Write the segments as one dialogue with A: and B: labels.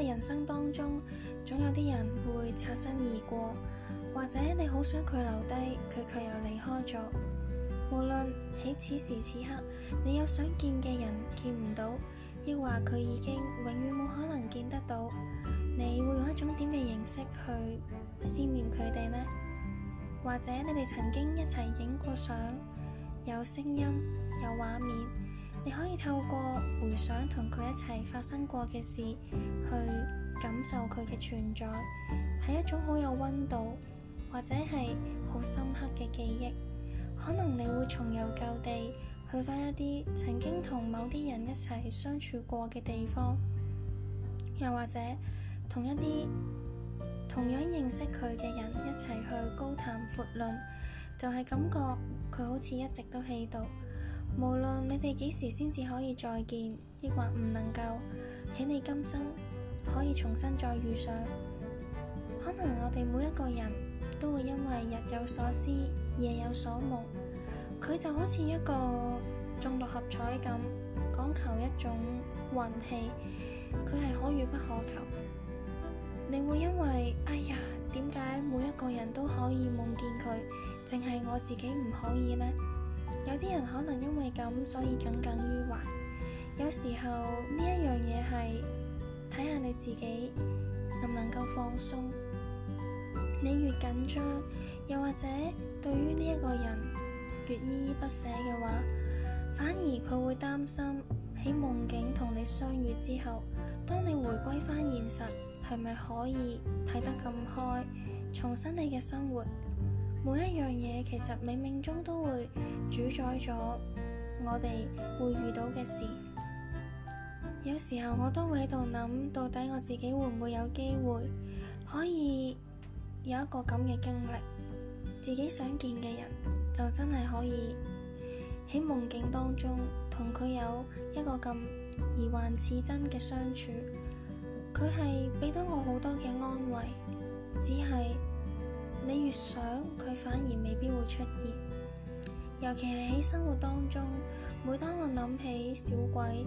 A: 你人生當中，總有啲人會擦身而過，或者你好想佢留低，佢卻又離開咗。無論喺此時此刻，你有想見嘅人見唔到，抑或佢已經永遠冇可能見得到，你會用一種點嘅形式去思念佢哋呢？或者你哋曾經一齊影過相，有聲音，有畫面。你可以透過回想同佢一齊發生過嘅事，去感受佢嘅存在，係一種好有溫度或者係好深刻嘅記憶。可能你會重遊舊地，去翻一啲曾經同某啲人一齊相處過嘅地方，又或者同一啲同樣認識佢嘅人一齊去高談闊論，就係感覺佢好似一直都喺度。無論你哋幾時先至可以再見，抑或唔能夠，喺你今生可以重新再遇上，可能我哋每一個人都會因為日有所思、夜有所夢，佢就好似一個中六合彩咁，講求一種運氣，佢係可遇不可求。你會因為「哎呀，點解每一個人都可以夢見佢，淨係我自己唔可以呢？」有啲人可能因為咁，所以耿耿於懷。有時候呢一樣嘢係睇下你自己，能唔能夠放鬆。你越緊張，又或者對於呢一個人越依依不捨嘅話，反而佢會擔心喺夢境同你相遇之後，當你回歸翻現實，係咪可以睇得咁開，重新你嘅生活？每一樣嘢其實冥冥中都會主宰咗我哋會遇到嘅事。有時候我都會喺度諗，到底我自己會唔會有機會可以有一個咁嘅經歷，自己想見嘅人就真係可以喺夢境當中同佢有一個咁疑幻似真嘅相處。佢係俾到我好多嘅安慰，只係。你越想，佢反而未必會出現。尤其係喺生活當中，每當我諗起小鬼，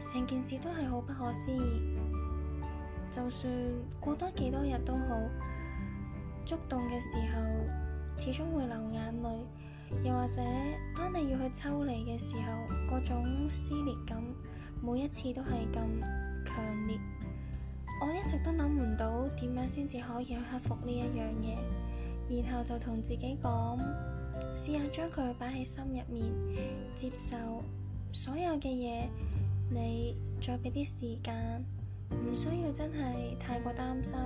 A: 成件事都係好不可思議。就算過多幾多日都好，觸動嘅時候，始終會流眼淚。又或者當你要去抽離嘅時候，嗰種撕裂感，每一次都係咁強烈。我一直都諗唔到點樣先至可以去克服呢一樣嘢。然後就同自己講，試下將佢擺喺心入面，接受所有嘅嘢，你再俾啲時間，唔需要真係太過擔心，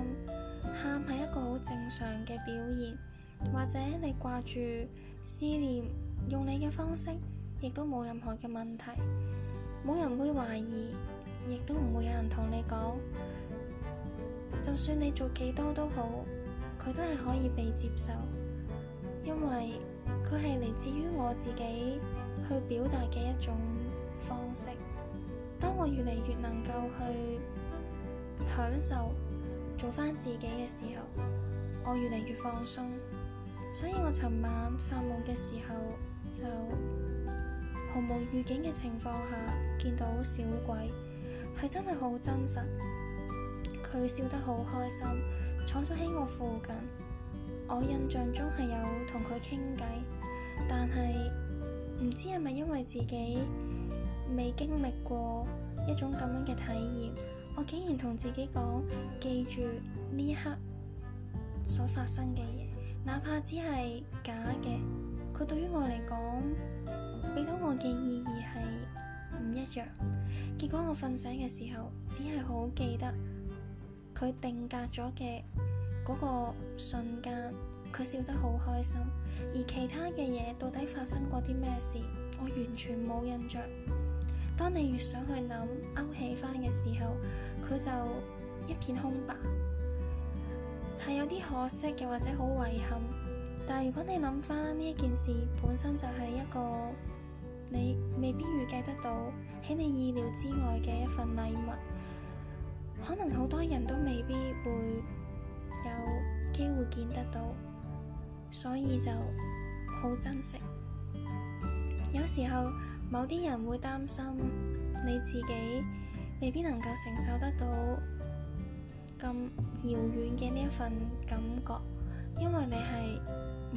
A: 喊係一個好正常嘅表現，或者你掛住思念，用你嘅方式，亦都冇任何嘅問題，冇人會懷疑，亦都唔會有人同你講，就算你做幾多都好。佢都係可以被接受，因為佢係嚟自於我自己去表達嘅一種方式。當我越嚟越能夠去享受做返自己嘅時候，我越嚟越放鬆。所以我尋晚發夢嘅時候，就毫無預警嘅情況下見到小鬼，係真係好真實，佢笑得好開心。坐咗喺我附近，我印象中係有同佢傾偈，但係唔知係咪因為自己未經歷過一種咁樣嘅體驗，我竟然同自己講，記住呢一刻所發生嘅嘢，哪怕只係假嘅，佢對於我嚟講俾到我嘅意義係唔一樣。結果我瞓醒嘅時候，只係好記得。佢定格咗嘅嗰個瞬間，佢笑得好開心。而其他嘅嘢到底發生過啲咩事，我完全冇印象。當你越想去諗勾起翻嘅時候，佢就一片空白，係有啲可惜嘅，或者好遺憾。但如果你諗翻呢一件事，本身就係一個你未必預計得到喺你意料之外嘅一份禮物。可能好多人都未必會有機會見得到，所以就好珍惜。有時候某啲人會擔心你自己未必能夠承受得到咁遙遠嘅呢一份感覺，因為你係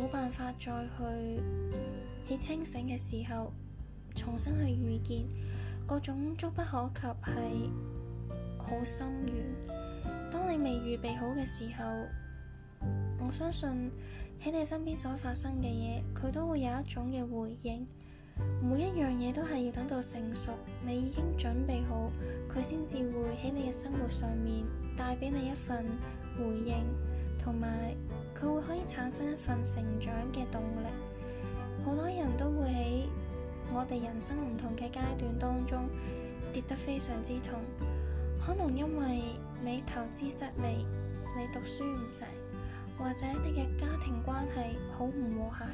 A: 冇辦法再去喺清醒嘅時候重新去遇見各種觸不可及係。好深遠。當你未預備好嘅時候，我相信喺你身邊所發生嘅嘢，佢都會有一種嘅回應。每一樣嘢都係要等到成熟，你已經準備好，佢先至會喺你嘅生活上面帶俾你一份回應，同埋佢會可以產生一份成長嘅動力。好多人都會喺我哋人生唔同嘅階段當中跌得非常之痛。可能因為你投資失利，你讀書唔成，或者你嘅家庭關係好唔和諧，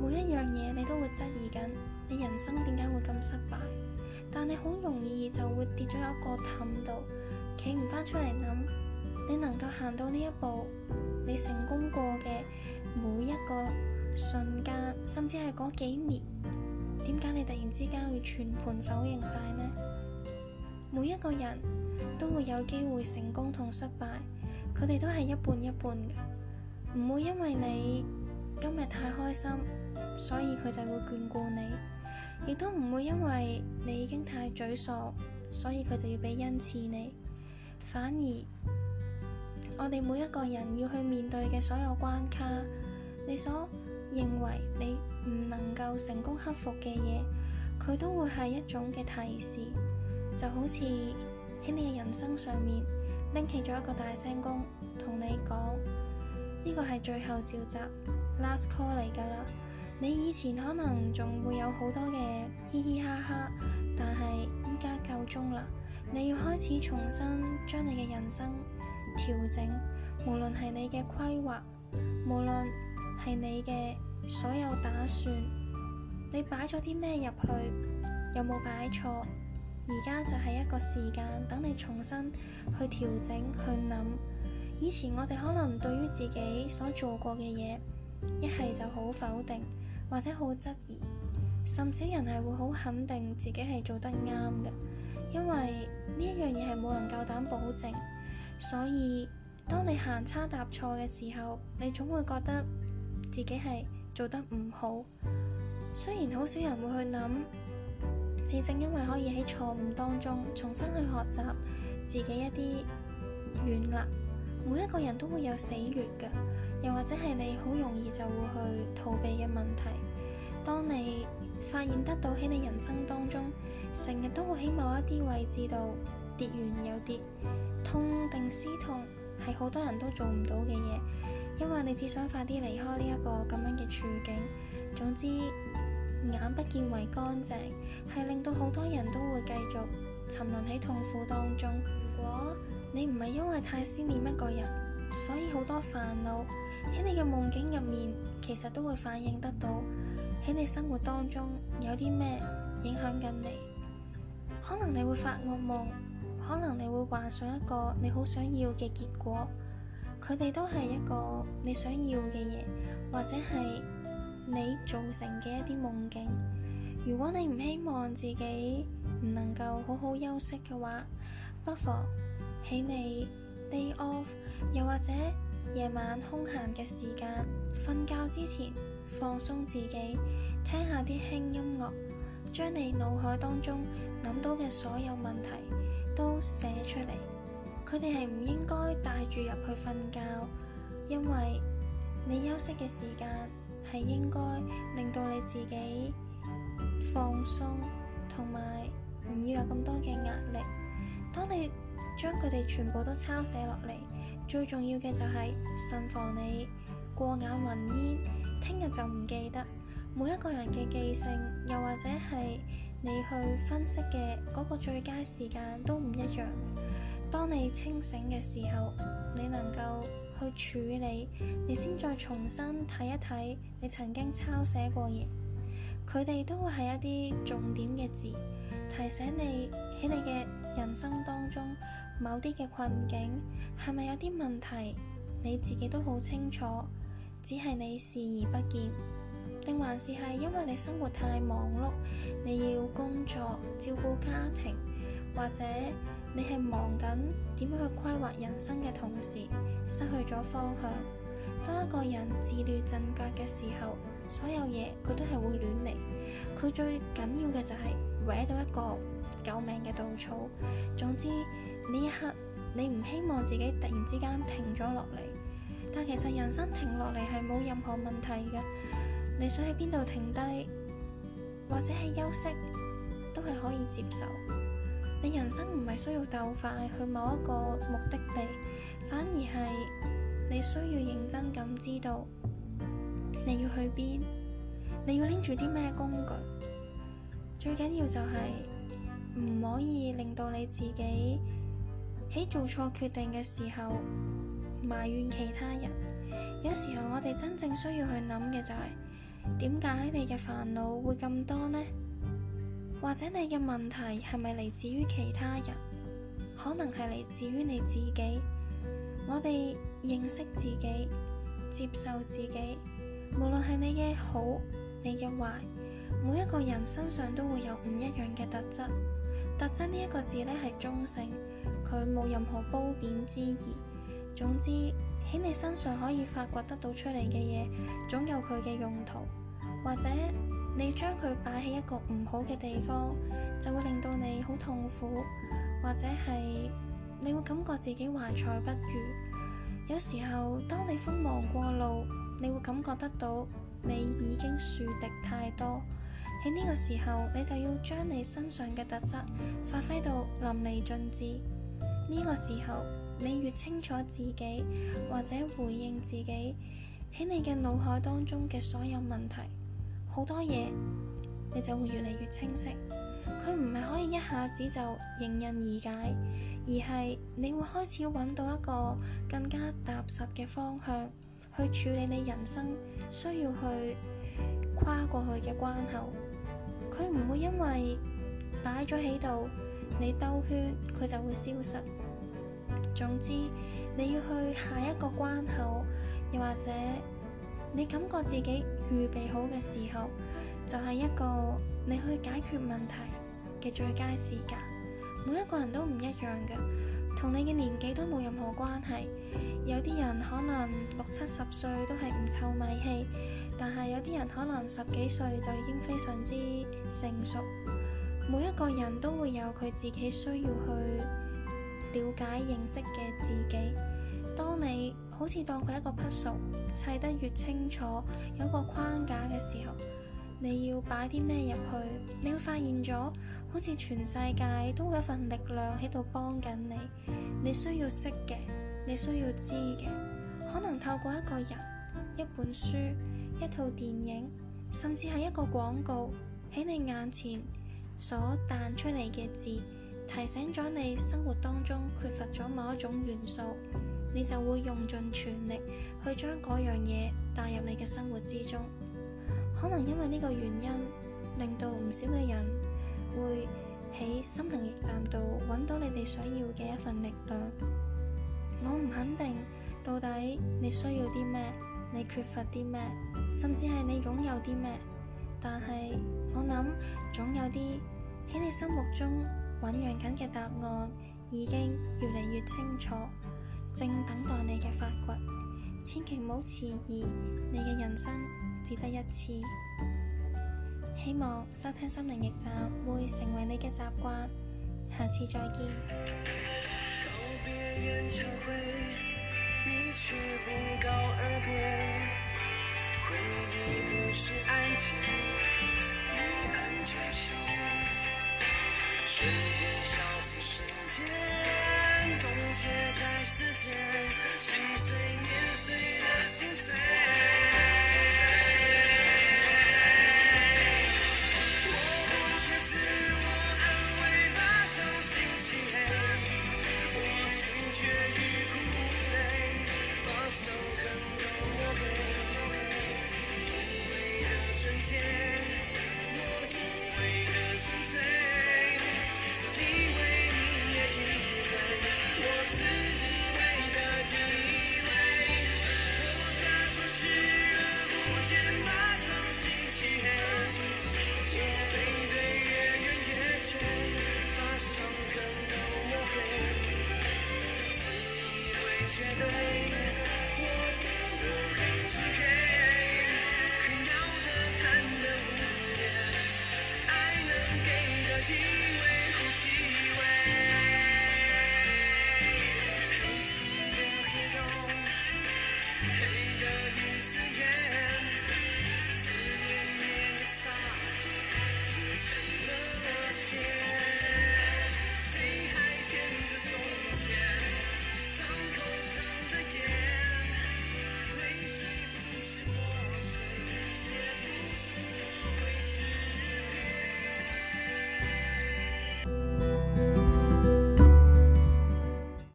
A: 每一樣嘢你都會質疑緊，你人生點解會咁失敗？但你好容易就會跌咗一個氹度，企唔翻出嚟，諗你能夠行到呢一步，你成功過嘅每一個瞬間，甚至係嗰幾年，點解你突然之間會全盤否認晒呢？每一個人，都會有機會成功同失敗，佢哋都係一半一半嘅，唔會因為你今日太開心，所以佢就會眷顧你；亦都唔會因為你已經太沮喪，所以佢就要俾恩賜你。反而我哋每一個人要去面對嘅所有關卡，你所認為你唔能夠成功克服嘅嘢，佢都會係一種嘅提示，就好似，喺你嘅人生上面拎起咗一個大聲公，同你講呢個係最後召集 （last call） 嚟噶啦。你以前可能仲會有好多嘅嘻嘻哈哈，但係依家夠鐘啦，你要開始重新將你嘅人生調整。無論係你嘅規劃，無論係你嘅所有打算，你擺咗啲咩入去，有冇擺錯？而家就係一個時間，等你重新去調整，去諗。以前我哋可能對於自己所做過嘅嘢，一係就好否定，或者好質疑，甚少人係會好肯定自己係做得啱嘅，因為呢一樣嘢係冇人夠膽保證。所以當你行差踏錯嘅時候，你總會覺得自己係做得唔好，雖然好少人會去諗。你正因為可以喺錯誤當中重新去學習自己一啲軟肋，每一個人都會有死穴嘅，又或者係你好容易就會去逃避嘅問題。當你發現得到喺你人生當中，成日都會喺某一啲位置度跌完又跌，痛定思痛係好多人都做唔到嘅嘢，因為你只想快啲離開呢一個咁樣嘅處境。總之。眼不見為乾淨，係令到好多人都會繼續沉淪喺痛苦當中。如果你唔係因為太思念一個人，所以好多煩惱喺你嘅夢境入面，其實都會反映得到喺你生活當中有啲咩影響緊你。可能你會發惡夢，可能你會幻想一個你好想要嘅結果，佢哋都係一個你想要嘅嘢，或者係你造成嘅一啲夢境，如果你唔希望自己唔能夠好好休息嘅話，不妨喺你 day off，又或者夜晚空閒嘅時間，瞓覺之前放鬆自己，聽下啲輕音樂，將你腦海當中諗到嘅所有問題都寫出嚟。佢哋係唔應該帶住入去瞓覺，因為你休息嘅時間。係應該令到你自己放鬆，同埋唔要有咁多嘅壓力。當你將佢哋全部都抄寫落嚟，最重要嘅就係慎防你過眼雲煙，聽日就唔記得。每一個人嘅記性，又或者係你去分析嘅嗰個最佳時間都唔一樣。當你清醒嘅時候，你能夠去處理，你先再重新睇一睇你曾經抄寫過嘢，佢哋都會係一啲重點嘅字，提醒你喺你嘅人生當中某啲嘅困境係咪有啲問題，你自己都好清楚，只係你視而不見，定還是係因為你生活太忙碌，你要工作、照顧家庭，或者。你係忙緊點樣去規劃人生嘅同時，失去咗方向。當一個人自亂陣腳嘅時候，所有嘢佢都係會亂嚟。佢最緊要嘅就係搵到一個救命嘅稻草。總之，呢一刻你唔希望自己突然之間停咗落嚟，但其實人生停落嚟係冇任何問題嘅。你想喺邊度停低，或者係休息，都係可以接受。你人生唔係需要鬥快去某一個目的地，反而係你需要認真咁知道你要去邊，你要拎住啲咩工具，最緊要就係唔可以令到你自己喺做錯決定嘅時候埋怨其他人。有時候我哋真正需要去諗嘅就係點解你嘅煩惱會咁多呢？或者你嘅問題係咪嚟自於其他人？可能係嚟自於你自己。我哋認識自己，接受自己，無論係你嘅好，你嘅壞，每一個人身上都會有唔一樣嘅特質。特質呢一個字呢係中性，佢冇任何褒貶之意。總之喺你身上可以發掘得到出嚟嘅嘢，總有佢嘅用途，或者，你將佢擺喺一個唔好嘅地方，就會令到你好痛苦，或者係你會感覺自己懷才不遇。有時候當你鋒芒過露，你會感覺得到你已經樹敵太多。喺呢個時候，你就要將你身上嘅特質發揮到淋漓盡致。呢、這個時候，你越清楚自己，或者回應自己喺你嘅腦海當中嘅所有問題。好多嘢，你就會越嚟越清晰。佢唔係可以一下子就迎刃而解，而係你會開始要揾到一個更加踏實嘅方向去處理你人生需要去跨過去嘅關口。佢唔會因為擺咗喺度，你兜圈，佢就會消失。總之，你要去下一個關口，又或者，你感覺自己預備好嘅時候，就係一個你去解決問題嘅最佳時間。每一個人都唔一樣嘅，同你嘅年紀都冇任何關係。有啲人可能六七十歲都係唔臭米氣，但係有啲人可能十幾歲就已經非常之成熟。每一個人都會有佢自己需要去了解認識嘅自己。你好似當佢一個匹數砌得越清楚，有個框架嘅時候，你要擺啲咩入去，你會發現咗好似全世界都有一份力量喺度幫緊你。你需要識嘅，你需要知嘅，可能透過一個人、一本書、一套電影，甚至係一個廣告，喺你眼前所彈出嚟嘅字，提醒咗你生活當中缺乏咗某一種元素。你就會用盡全力去將嗰樣嘢帶入你嘅生活之中。可能因為呢個原因，令到唔少嘅人會喺心靈驛站度揾到你哋想要嘅一份力量。我唔肯定到底你需要啲咩，你缺乏啲咩，甚至係你擁有啲咩，但係我諗總有啲喺你心目中醞釀緊嘅答案，已經越嚟越清楚。正等待你嘅發掘，千祈唔好遲疑，你嘅人生只得一次。希望收聽心靈驛站會成為你嘅習慣，下次再見。告
B: 世界。